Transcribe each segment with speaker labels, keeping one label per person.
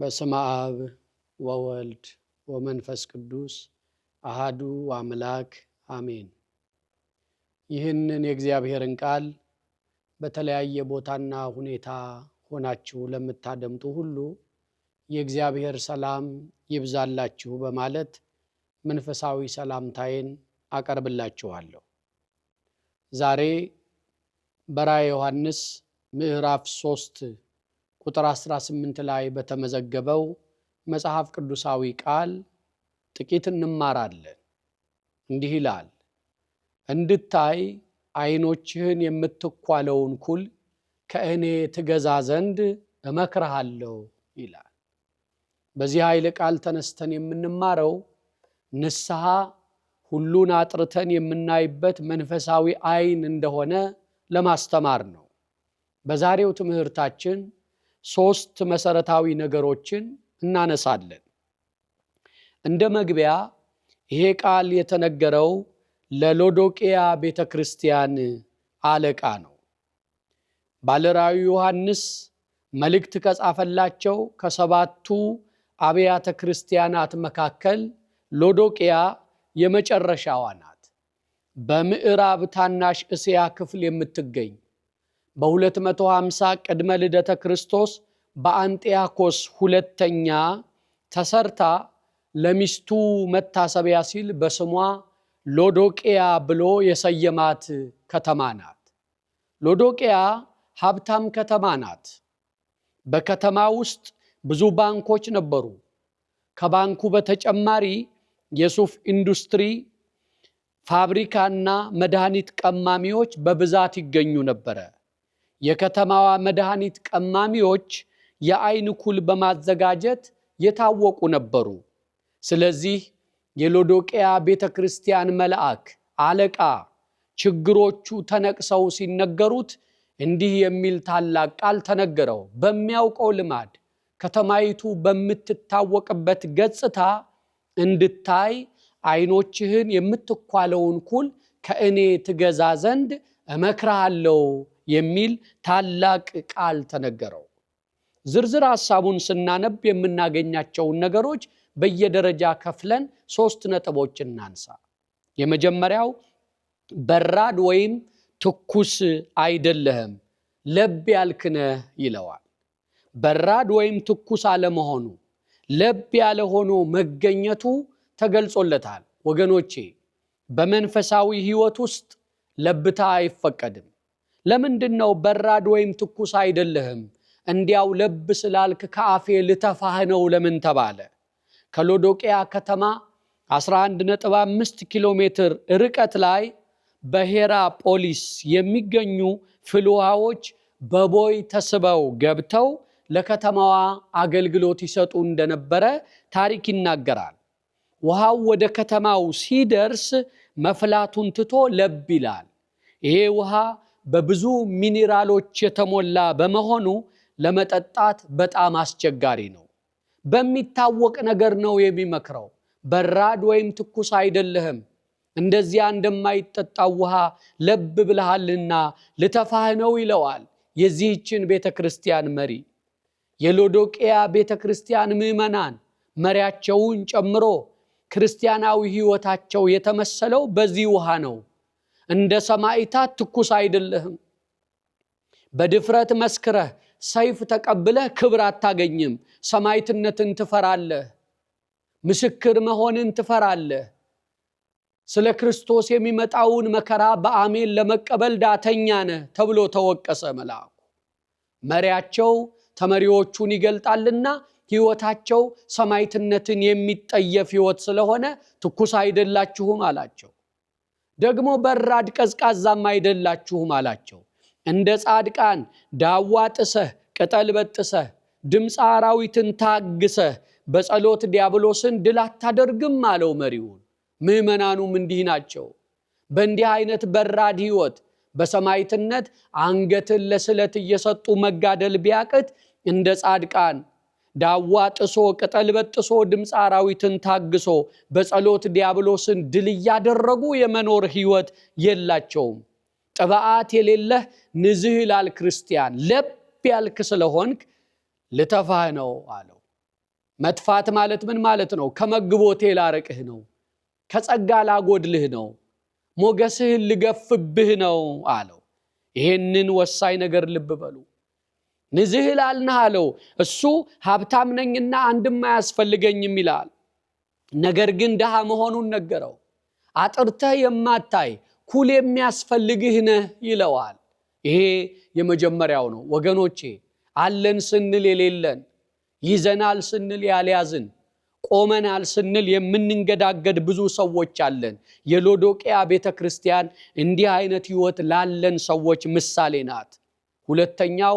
Speaker 1: በስመ አብ ወወልድ ወመንፈስ ቅዱስ አሃዱ አምላክ አሜን። ይህንን የእግዚአብሔርን ቃል በተለያየ ቦታና ሁኔታ ሆናችሁ ለምታደምጡ ሁሉ የእግዚአብሔር ሰላም ይብዛላችሁ በማለት መንፈሳዊ ሰላምታዬን አቀርብላችኋለሁ። ዛሬ በራ ዮሐንስ ምዕራፍ ሶስት ቁጥር 18 ላይ በተመዘገበው መጽሐፍ ቅዱሳዊ ቃል ጥቂት እንማራለን። እንዲህ ይላል፣ እንድታይ ዓይኖችህን የምትኳለውን ኩል ከእኔ ትገዛ ዘንድ እመክርሃለሁ ይላል። በዚህ ኃይለ ቃል ተነስተን የምንማረው ንስሐ ሁሉን አጥርተን የምናይበት መንፈሳዊ አይን እንደሆነ ለማስተማር ነው። በዛሬው ትምህርታችን ሶስት መሰረታዊ ነገሮችን እናነሳለን። እንደ መግቢያ ይሄ ቃል የተነገረው ለሎዶቅያ ቤተ ክርስቲያን አለቃ ነው። ባለራዊ ዮሐንስ መልእክት ከጻፈላቸው ከሰባቱ አብያተ ክርስቲያናት መካከል ሎዶቅያ የመጨረሻዋ ናት። በምዕራብ ታናሽ እስያ ክፍል የምትገኝ በ250 ቅድመ ልደተ ክርስቶስ በአንጢያኮስ ሁለተኛ ተሰርታ ለሚስቱ መታሰቢያ ሲል በስሟ ሎዶቅያ ብሎ የሰየማት ከተማ ናት። ሎዶቅያ ሀብታም ከተማ ናት። በከተማ ውስጥ ብዙ ባንኮች ነበሩ። ከባንኩ በተጨማሪ የሱፍ ኢንዱስትሪ ፋብሪካና መድኃኒት ቀማሚዎች በብዛት ይገኙ ነበረ። የከተማዋ መድኃኒት ቀማሚዎች የአይን ኩል በማዘጋጀት የታወቁ ነበሩ። ስለዚህ የሎዶቅያ ቤተ ክርስቲያን መልአክ አለቃ ችግሮቹ ተነቅሰው ሲነገሩት እንዲህ የሚል ታላቅ ቃል ተነገረው። በሚያውቀው ልማድ ከተማይቱ በምትታወቅበት ገጽታ እንድታይ አይኖችህን የምትኳለውን ኩል ከእኔ ትገዛ ዘንድ እመክርሃለሁ የሚል ታላቅ ቃል ተነገረው። ዝርዝር ሐሳቡን ስናነብ የምናገኛቸውን ነገሮች በየደረጃ ከፍለን ሶስት ነጥቦች እናንሳ። የመጀመሪያው በራድ ወይም ትኩስ አይደለህም ለብ ያልክነህ ይለዋል። በራድ ወይም ትኩስ አለመሆኑ ለብ ያለ ሆኖ መገኘቱ ተገልጾለታል። ወገኖቼ በመንፈሳዊ ሕይወት ውስጥ ለብታ አይፈቀድም። ለምንድን ነው በራድ ወይም ትኩስ አይደለህም? እንዲያው ለብ ስላልክ ከአፌ ልተፋህ ነው ለምን ተባለ? ከሎዶቅያ ከተማ 11.5 ኪሎ ሜትር ርቀት ላይ በሄራ ፖሊስ የሚገኙ ውሃዎች በቦይ ተስበው ገብተው ለከተማዋ አገልግሎት ይሰጡ እንደነበረ ታሪክ ይናገራል። ውሃው ወደ ከተማው ሲደርስ መፍላቱን ትቶ ለብ ይላል። ይሄ ውሃ በብዙ ሚኒራሎች የተሞላ በመሆኑ ለመጠጣት በጣም አስቸጋሪ ነው። በሚታወቅ ነገር ነው የሚመክረው። በራድ ወይም ትኩስ አይደለህም፣ እንደዚያ እንደማይጠጣው ውሃ ለብ ብልሃልና ልተፋህ ነው ይለዋል። የዚህችን ቤተ ክርስቲያን መሪ የሎዶቅያ ቤተ ክርስቲያን ምዕመናን መሪያቸውን ጨምሮ ክርስቲያናዊ ሕይወታቸው የተመሰለው በዚህ ውሃ ነው። እንደ ሰማይታት ትኩስ አይደለህም። በድፍረት መስክረህ ሰይፍ ተቀብለህ ክብር አታገኝም። ሰማይትነትን ትፈራለህ። ምስክር መሆንን ትፈራለህ። ስለ ክርስቶስ የሚመጣውን መከራ በአሜን ለመቀበል ዳተኛ ነህ ተብሎ ተወቀሰ። መልአኩ መሪያቸው ተመሪዎቹን ይገልጣልና ሕይወታቸው ሰማይትነትን የሚጠየፍ ሕይወት ስለሆነ ትኩስ አይደላችሁም አላቸው። ደግሞ በራድ ቀዝቃዛም አይደላችሁም አላቸው። እንደ ጻድቃን ዳዋ ጥሰህ ቅጠል በጥሰህ ድምፅ አራዊትን ታግሰህ በጸሎት ዲያብሎስን ድል አታደርግም አለው መሪውን። ምዕመናኑም እንዲህ ናቸው። በእንዲህ አይነት በራድ ህይወት በሰማይትነት አንገትን ለስለት እየሰጡ መጋደል ቢያቅት እንደ ጻድቃን ዳዋ ጥሶ ቅጠል በጥሶ ድምፅ አራዊትን ታግሶ በጸሎት ዲያብሎስን ድል እያደረጉ የመኖር ህይወት የላቸውም። ጥብዓት የሌለህ ንዝህ ይላል ክርስቲያን። ለብ ያልክ ስለሆንክ ልተፋህ ነው አለው። መጥፋት ማለት ምን ማለት ነው? ከመግቦቴ ላርቅህ ነው፣ ከጸጋ ላጎድልህ ነው፣ ሞገስህን ልገፍብህ ነው አለው። ይሄንን ወሳኝ ነገር ልብ በሉ። ንዝህ ላልንህ አለው። እሱ ሀብታም ነኝና አንድም አያስፈልገኝም ይላል። ነገር ግን ድሃ መሆኑን ነገረው። አጥርተህ የማታይ ኩል የሚያስፈልግህ ነህ ይለዋል። ይሄ የመጀመሪያው ነው ወገኖቼ። አለን ስንል የሌለን፣ ይዘናል ስንል ያልያዝን፣ ቆመናል ስንል የምንንገዳገድ ብዙ ሰዎች አለን። የሎዶቅያ ቤተ ክርስቲያን እንዲህ አይነት ህይወት ላለን ሰዎች ምሳሌ ናት። ሁለተኛው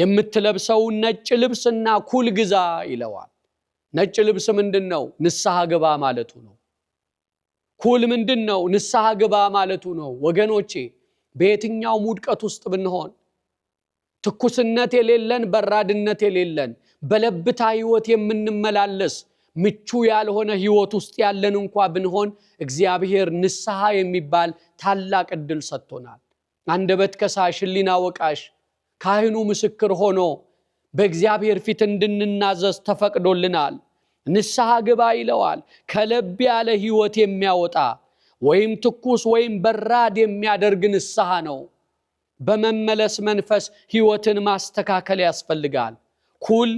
Speaker 1: የምትለብሰውን ነጭ ልብስና ኩል ግዛ ይለዋል። ነጭ ልብስ ምንድን ነው? ንስሐ ግባ ማለቱ ነው። ኩል ምንድን ነው? ንስሐ ግባ ማለቱ ነው። ወገኖቼ በየትኛውም ውድቀት ውስጥ ብንሆን ትኩስነት የሌለን በራድነት የሌለን በለብታ ህይወት የምንመላለስ ምቹ ያልሆነ ህይወት ውስጥ ያለን እንኳ ብንሆን እግዚአብሔር ንስሐ የሚባል ታላቅ እድል ሰጥቶናል። አንደበት ከሳሽ፣ ህሊና ወቃሽ ካህኑ ምስክር ሆኖ በእግዚአብሔር ፊት እንድንናዘዝ ተፈቅዶልናል። ንስሐ ግባ ይለዋል። ከለብ ያለ ሕይወት የሚያወጣ ወይም ትኩስ ወይም በራድ የሚያደርግ ንስሐ ነው። በመመለስ መንፈስ ሕይወትን ማስተካከል ያስፈልጋል። ኩል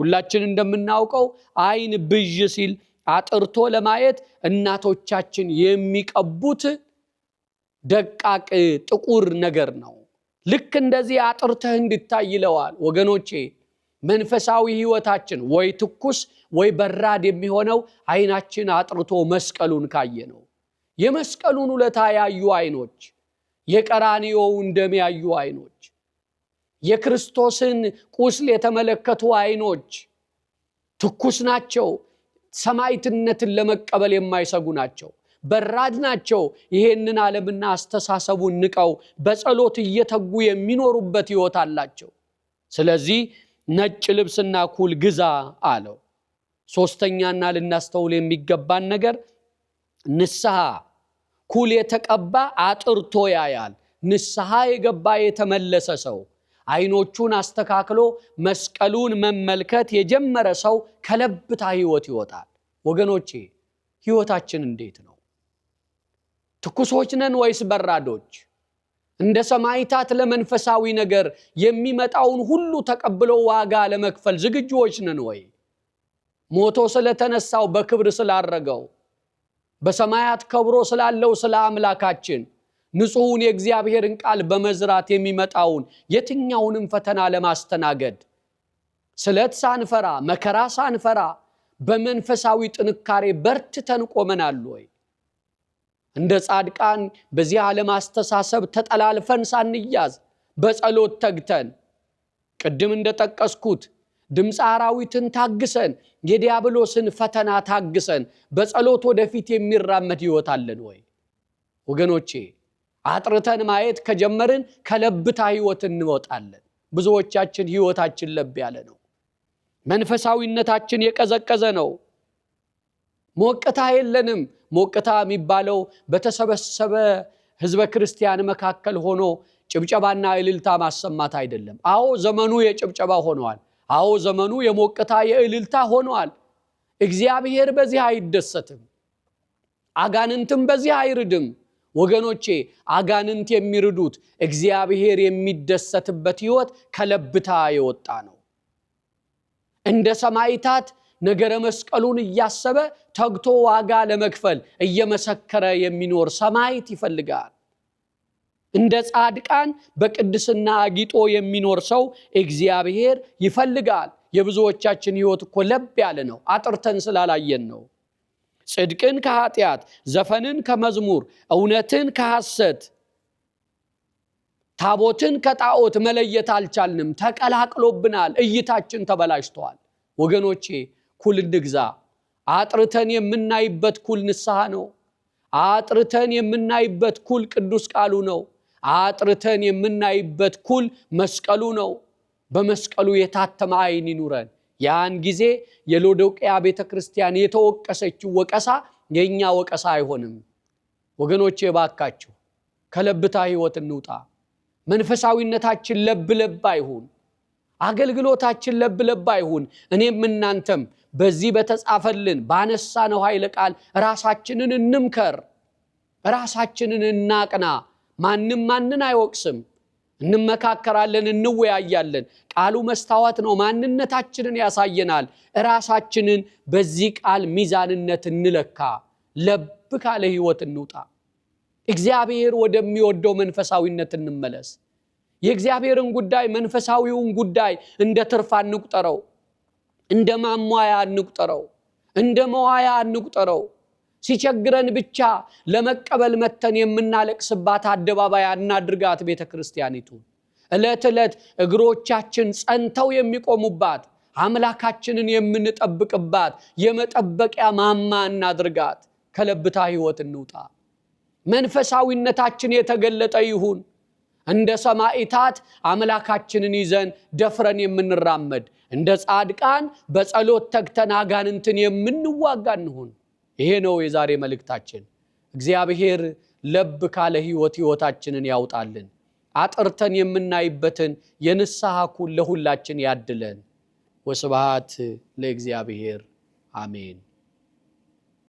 Speaker 1: ሁላችን እንደምናውቀው ዓይን ብዥ ሲል አጥርቶ ለማየት እናቶቻችን የሚቀቡት ደቃቅ ጥቁር ነገር ነው። ልክ እንደዚህ አጥርተህ እንድታይ ይለዋል። ወገኖቼ መንፈሳዊ ህይወታችን ወይ ትኩስ ወይ በራድ የሚሆነው አይናችን አጥርቶ መስቀሉን ካየ ነው። የመስቀሉን ውለታ ያዩ አይኖች፣ የቀራንዮውን ደም ያዩ አይኖች፣ የክርስቶስን ቁስል የተመለከቱ አይኖች ትኩስ ናቸው። ሰማዕትነትን ለመቀበል የማይሰጉ ናቸው። በራድ ናቸው። ይሄንን ዓለምና አስተሳሰቡን ንቀው በጸሎት እየተጉ የሚኖሩበት ሕይወት አላቸው። ስለዚህ ነጭ ልብስና ኩል ግዛ አለው። ሶስተኛና ልናስተውል የሚገባን ነገር ንስሐ ኩል የተቀባ አጥርቶ ያያል። ንስሐ የገባ የተመለሰ ሰው አይኖቹን አስተካክሎ መስቀሉን መመልከት የጀመረ ሰው ከለብታ ህይወት ይወጣል። ወገኖቼ ህይወታችን እንዴት ነው? ትኩሶች ነን ወይስ በራዶች? እንደ ሰማይታት ለመንፈሳዊ ነገር የሚመጣውን ሁሉ ተቀብሎ ዋጋ ለመክፈል ዝግጁዎች ነን ወይ? ሞቶ ስለተነሳው በክብር ስላረገው በሰማያት ከብሮ ስላለው ስለ አምላካችን ንጹሑን የእግዚአብሔርን ቃል በመዝራት የሚመጣውን የትኛውንም ፈተና ለማስተናገድ ስለት ሳንፈራ መከራ ሳንፈራ በመንፈሳዊ ጥንካሬ በርትተን ቆመናል ወይ? እንደ ጻድቃን በዚህ ዓለም አስተሳሰብ ተጠላልፈን ሳንያዝ በጸሎት ተግተን ቅድም እንደጠቀስኩት ድምፀ አራዊትን ታግሰን የዲያብሎስን ፈተና ታግሰን በጸሎት ወደፊት የሚራመድ ሕይወት አለን ወይ? ወገኖቼ አጥርተን ማየት ከጀመርን ከለብታ ሕይወት እንወጣለን። ብዙዎቻችን ሕይወታችን ለብ ያለ ነው። መንፈሳዊነታችን የቀዘቀዘ ነው። ሞቅታ የለንም። ሞቅታ የሚባለው በተሰበሰበ ህዝበ ክርስቲያን መካከል ሆኖ ጭብጨባና እልልታ ማሰማት አይደለም። አዎ ዘመኑ የጭብጨባ ሆኗል አዎ ዘመኑ የሞቅታ የእልልታ ሆኗል። እግዚአብሔር በዚህ አይደሰትም፣ አጋንንትም በዚህ አይርድም። ወገኖቼ አጋንንት የሚርዱት እግዚአብሔር የሚደሰትበት ህይወት ከለብታ የወጣ ነው። እንደ ሰማይታት ነገረ መስቀሉን እያሰበ ተግቶ ዋጋ ለመክፈል እየመሰከረ የሚኖር ሰማይት ይፈልጋል። እንደ ጻድቃን በቅድስና አጊጦ የሚኖር ሰው እግዚአብሔር ይፈልጋል። የብዙዎቻችን ሕይወት እኮ ለብ ያለ ነው፣ አጥርተን ስላላየን ነው። ጽድቅን ከኃጢአት፣ ዘፈንን ከመዝሙር፣ እውነትን ከሐሰት፣ ታቦትን ከጣዖት መለየት አልቻልንም። ተቀላቅሎብናል። እይታችን ተበላሽተዋል ወገኖቼ ኩል እንግዛ። አጥርተን የምናይበት ኩል ንስሐ ነው። አጥርተን የምናይበት ኩል ቅዱስ ቃሉ ነው። አጥርተን የምናይበት ኩል መስቀሉ ነው። በመስቀሉ የታተመ ዓይን ይኑረን። ያን ጊዜ የሎዶቅያ ቤተ ክርስቲያን የተወቀሰችው ወቀሳ የእኛ ወቀሳ አይሆንም። ወገኖቼ እባካችሁ ከለብታ ሕይወት እንውጣ። መንፈሳዊነታችን ለብ ለብ አይሁን። አገልግሎታችን ለብ ለብ አይሁን። እኔም እናንተም በዚህ በተጻፈልን ነው ኃይለ ቃል ራሳችንን እንምከር፣ ራሳችንን እናቅና። ማንም ማንን አይወቅስም። እንመካከራለን፣ እንወያያለን። ቃሉ መስታወት ነው፣ ማንነታችንን ያሳየናል። ራሳችንን በዚህ ቃል ሚዛንነት እንለካ። ለብ ካለ ህይወት እንውጣ። እግዚአብሔር ወደሚወደው መንፈሳዊነት እንመለስ። የእግዚአብሔርን ጉዳይ መንፈሳዊውን ጉዳይ እንደ ትርፍ አንቁጠረው። እንደ ማሟያ አንቁጠረው፣ እንደ መዋያ አንቁጠረው። ሲቸግረን ብቻ ለመቀበል መተን የምናለቅስባት አደባባይ አናድርጋት ቤተ ክርስቲያኒቱ። ዕለት ዕለት እግሮቻችን ጸንተው የሚቆሙባት አምላካችንን የምንጠብቅባት የመጠበቂያ ማማ እናድርጋት። ከለብታ ሕይወት እንውጣ። መንፈሳዊነታችን የተገለጠ ይሁን። እንደ ሰማዕታት አምላካችንን ይዘን ደፍረን የምንራመድ እንደ ጻድቃን በጸሎት ተግተን አጋንንትን የምንዋጋ እንሁን። ይሄ ነው የዛሬ መልእክታችን። እግዚአብሔር ለብ ካለ ሕይወት ሕይወታችንን ያውጣልን። አጥርተን የምናይበትን የንስሐ ኩል ለሁላችን ያድለን። ወስብሐት ለእግዚአብሔር አሜን።